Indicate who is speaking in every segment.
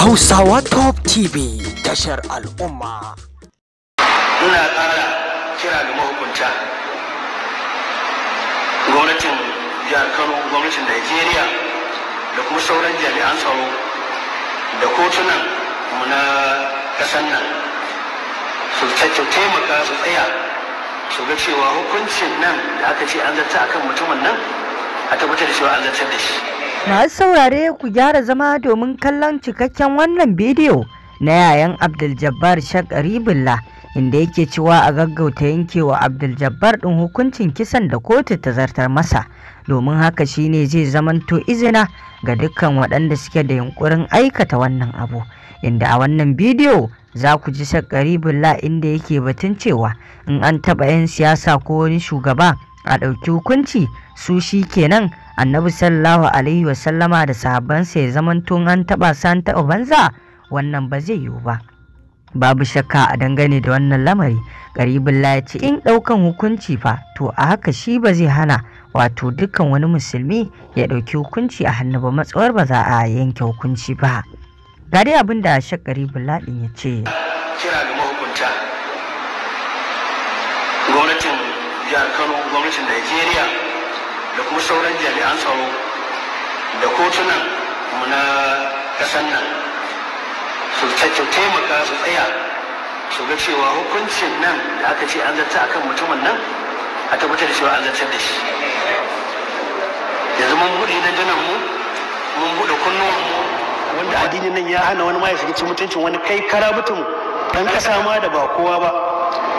Speaker 1: Hausawa Top TV tashar al'umma.
Speaker 2: Muna ƙara kira ga mahukunta. Gwamnatin jihar Kano, gwamnatin Najeriya da kuma sauran jami'an tsaro da kotunan mu na ƙasar nan su taimaka su tsaya su ga cewa hukuncin nan da aka ce an zarta akan mutumin nan a tabbatar da cewa an zartar da shi.
Speaker 1: Masu saurare ku gyara zama domin kallon cikakken wannan bidiyo na yayan Abdul-Jabbar Shakaribullah inda yake cewa a gaggauta yankewa Abdul-Jabbar ɗin hukuncin kisan da kotu ta zartar masa domin haka shine zai zamanto izina ga dukkan waɗanda suke da yunkurin aikata wannan abu inda a wannan bidiyo za ku ji Shakaribullah inda yake batun cewa in an taɓa 'yan siyasa ko wani shugaba a ɗauki hukunci su shi kenan annabi sallallahu alaihi sallama da sahabbansa ya zamanto an taba san taba taɓa banza wannan ba zai yiwu ba babu shakka a dangane da wannan lamari garibin ya ce in ɗaukan hukunci fa to a haka shi ba zai hana wato dukkan wani musulmi ya ɗauki hukunci a hannu ba matsawar ba za a yanke hukunci ba ga dai abin da shak garibin ya ce
Speaker 2: kira ga mahukunta gwamnatin jihar kano gwamnatin najeriya da kuma sauran jami'an tsaro da kotunan mu na ƙasar nan su taimaka su tsaya su ga cewa hukuncin nan da aka ce an zarta akan mutumin nan a tabbatar da cewa an zartar da shi yanzu mun buɗe dandanan mu mun buɗe kunnuwan mu wanda addinin nan ya hana wani ma ya shiga cikin mutuncin wani kai kara mutum dan kasa ma da ba kowa ba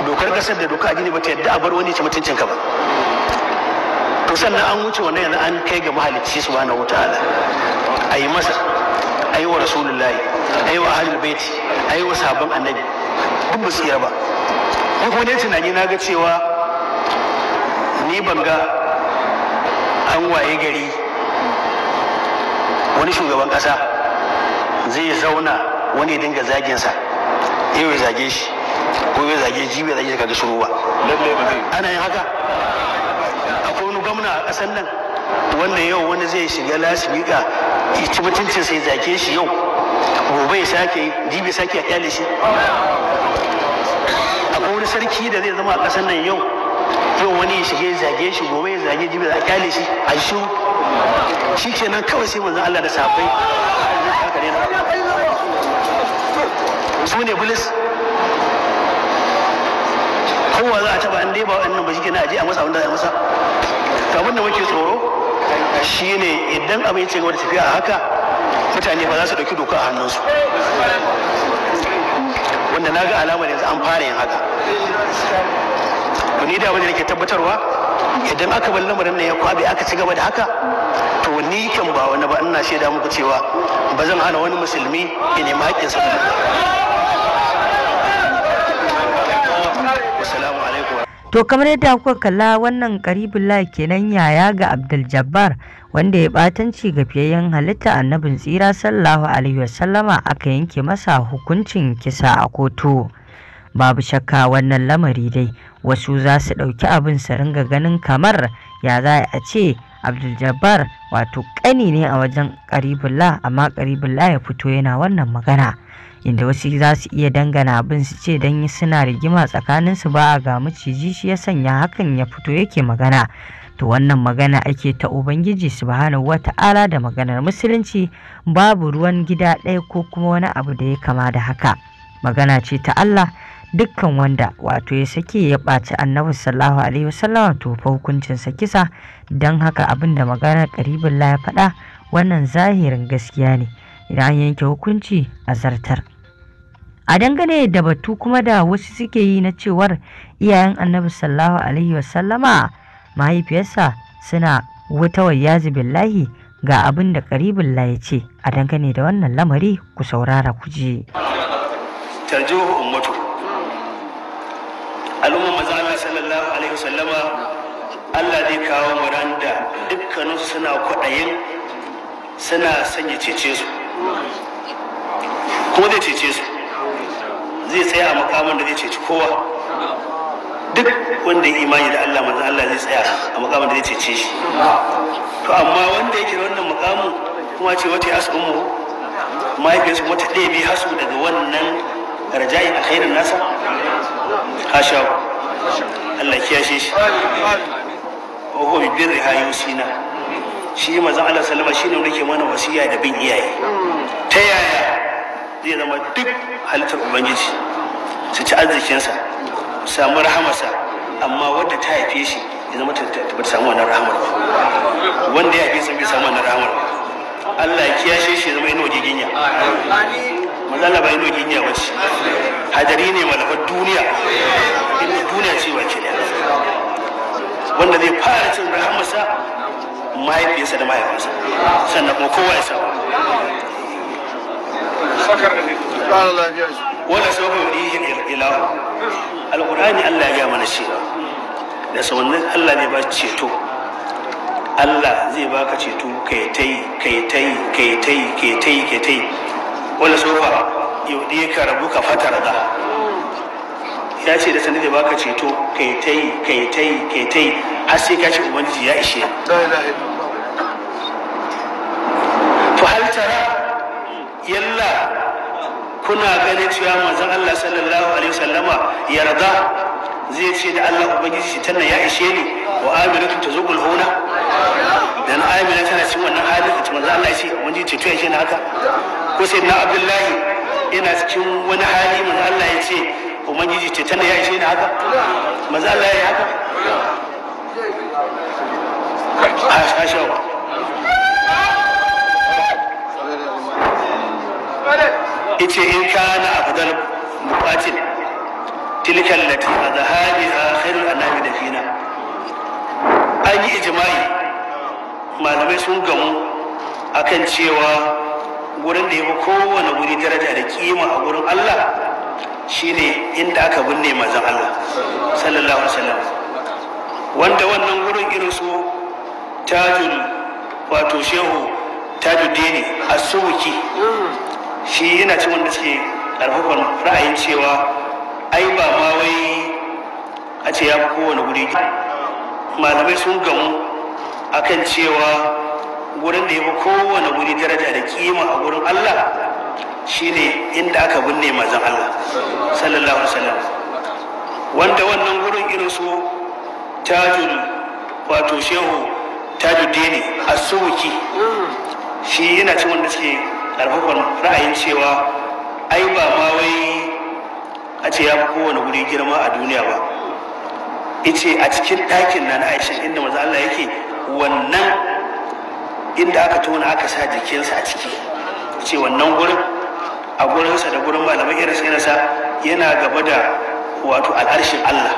Speaker 2: dokar kasar da doka addini ba ta yadda a bar wani ci mutuncinka ba to sannan an wuce wannan yanzu an kai ga mahalicci subhanahu wataala a yi masa a yi wa rasulullahi a yi wa ahlul baiti a yi wa sabon annabi duk ba su iya ba kuma dai tunani na ga cewa ni ban ga an waye gari wani shugaban ƙasa zai zauna wani dinga zaginsa yau ya zage shi ko gobe zage jibi zage shi ga shuruwa ana yin haka a ƙasar nan wanda yau wani zai shiga lasibiga ya ci mutuncin sai zake shi yau gobe ya sake jibi sake a kyale shi akwai wani sarki da zai zama a ƙasar nan yau yau wani ya shiga zage shi gobe ya zage jibi a kyale shi a shi shi kenan kawai sai manzon Allah da safai su ne bilis kowa za a taba an dai ba wa'annan ba shikenan a je a masa abin da a masa to abin da muke tsoro shine idan abin ya ci gaba da tafiya a haka mutane ba za su ɗauki doka a hannunsu wanda na ga alamar yanzu an fara yin haka to ni da abin da nake tabbatarwa idan aka bar lamarin nan ya kwabe aka ci gaba da haka to ni kan ba wani ba ina shaida muku cewa ba zan hana wani musulmi ya nemi haƙƙinsa ba
Speaker 1: To kamar yadda kuka kalla wannan karibullah kenan yaya ga Abdul Jabbar wanda ya batanci ga fiyayyen halitta annabin tsira sallahu alaihi wasallama aka yanke masa hukuncin kisa a kotu. Babu shakka wannan lamari dai wasu za su ɗauki abin su ringa ganin kamar ya za a ce Abdul Jabbar wato ƙani ne a wajen karibullah amma karibullah ya fito yana wannan magana. inda wasu za su iya dangana abin su ce don suna rigima tsakanin su ba a ga maciji shi ya sanya hakan ya fito yake magana to wannan magana ake ta ubangiji subhanahu wata'ala da maganar musulunci babu ruwan gida ɗaya ko kuma wani abu da ya kama da haka magana ce ta Allah dukkan wanda wato ya sake ya ɓaci annabi sallallahu alaihi wasallam to fa hukuncin sa kisa don haka abinda maganar ƙaribin la ya faɗa wannan zahirin gaskiya ne idan yanke hukunci a zartar a dangane da batu kuma da wasu suke yi na cewar iyayen annabi sallahu alaihi wasallama mahaifiyarsa suna wata wayyazi billahi ga abin da karibin la ya ce a dangane da wannan lamari ku saurara ku ji
Speaker 2: ummatu Allah Allah zai kawo muranda dukkaninsu suna kwaɗayin suna sanya cece su kuma zai cece su zai tsaya a makamin da zai ceci kowa duk wanda ya imani da Allah manzan Allah zai tsaya a makamin da zai cece shi to amma wanda yake da wannan makamin kuma ce wata yasu mahaifiyar su wata ɗaya bi hasu daga wannan a alkhairin nasa hasha Allah kiyashe shi ohobi bin rihayu birri hayusina shi manzan Allah sallama shine wanda yake mana wasiya da bin iyaye ta yaya zai zama duk halittar ubangiji su ci arzikinsa su samu rahamarsa amma wadda ta haife shi ya zama ta tabbata samu wannan rahamar wanda ya haife sun bai samu wannan rahamar Allah ya kiyashe shi ya zama yana giginya maza Allah ba yana giginya ba ce hadari ne malafar duniya inda duniya ce ba kiliya wanda zai fara cin rahamarsa mahaifiyarsa da mahaifinsa sannan kuma kowa ya samu wala sau yurihin ilahu alqur'ani Allah ya mana shi da wannan Allah ne ba ceto Allah zai baka ceto kai tai kai tai kai tai kai tai kai tai wala sofa yudi ka rabu ka fatar da ya ce da sanin zai baka ceto kai tai kai tai kai tai har sai ka ce ubangiji ya ishe kuna ganin cewa manzon Allah sallallahu alaihi wasallama yarda zai ce da Allah ubangiji shi tana ya ishe ni wa amilatu tazugul huna dan amila tana cikin wannan halin ita manzon Allah shi ubangiji ce to shi ne haka ko sai na Abdullahi ina cikin wani hali manzon Allah ya ce ubangiji ce tana ya ishe ni haka manzon Allah ya haka a shashawa yace in kana afdal muqatil tilka allati azhabiha khairul anami da fina an yi ijma'i malamai sun gamu akan cewa gurin da ya fi kowane wuri daraja da kima a gurin Allah shine inda aka binne mazan Allah sallallahu alaihi wasallam wanda wannan gurin irin su tajul wato shehu tajuddini as-suwuki shi yana cin wanda suke ƙarfafan ra'ayin cewa ai ba ma wai a ce ya fi kowane guri malamai sun gamu akan cewa wurin da ya fi kowane guri daraja da kima a wurin Allah shine inda aka binne mazan Allah sallallahu alaihi wasallam wanda wannan gurin irin su tajul wato shehu tajuddini as-suwuki shi yana cin wanda suke karfafan ra'ayin cewa ai ba ma wai a ce ya fi kowane guri girma a duniya ba ice a cikin ɗakin na na aishin inda maza Allah yake wannan inda aka tona aka sa jikinsa a ciki ce wannan gurin a gurinsa da gurin malamai sai nasa yana gaba da wato al'arshin Allah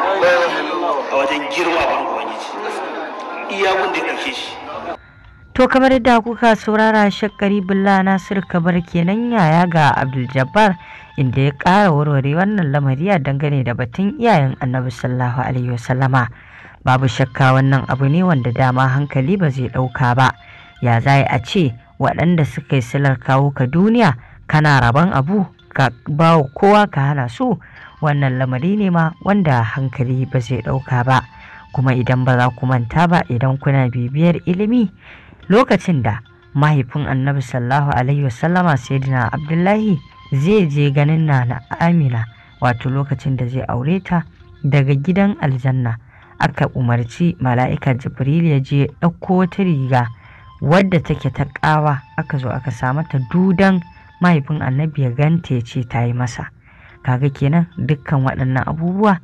Speaker 2: a wajen girma wani kwanci. iya wanda ya ɗauke shi
Speaker 1: To kamar da kuka saurara shakkari bulla sirka bar kenan yaya ga Abdul inda ya ƙara warware wannan lamari a dangane da batun iyayen Annabi sallahu alaihi wasallama. Babu shakka wannan abu ne wanda dama hankali ba zai ɗauka ba. Ya zai a ce waɗanda suka yi silar kawo ka duniya kana rabon abu ka bawa kowa ka hana su wannan lamari ne ma wanda hankali ba zai ɗauka ba. Kuma idan ba za ku manta ba idan kuna bibiyar ilimi lokacin da mahaifin annabi sallahu alaihi wasallama Saidina abdullahi zai je ganin na amina wato lokacin da zai aure ta daga gidan aljanna aka umarci mala'ika jibril ya je ɗauko wata riga wadda take ta ƙawa aka zo aka sa mata dudan mahaifin annabi ya ganta ya ce ta yi masa kaga kenan dukkan waɗannan abubuwa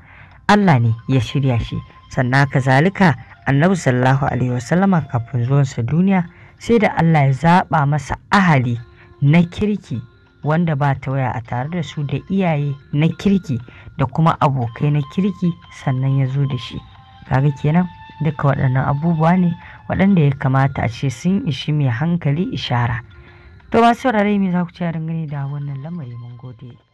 Speaker 1: allah ne ya shirya shi sannan kazalika annabi sallallahu alaihi wasallama kafin sa duniya sai da allah ya zaba masa ahali na kirki wanda ba ta waya a tare da su da iyaye na kirki da kuma abokai na kirki sannan ya zo da shi kaga kenan duka waɗannan abubuwa ne waɗanda ya kamata a ce sun ishi mai hankali ishara to ba saurare me za ku ci a dangane da wannan lamari mun gode